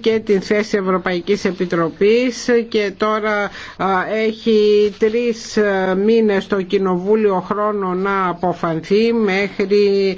και την θέση Ευρωπαϊκής Επιτροπής και τώρα έχει τρεις μήνες το Κοινοβούλιο χρόνο να αποφανθεί μέχρι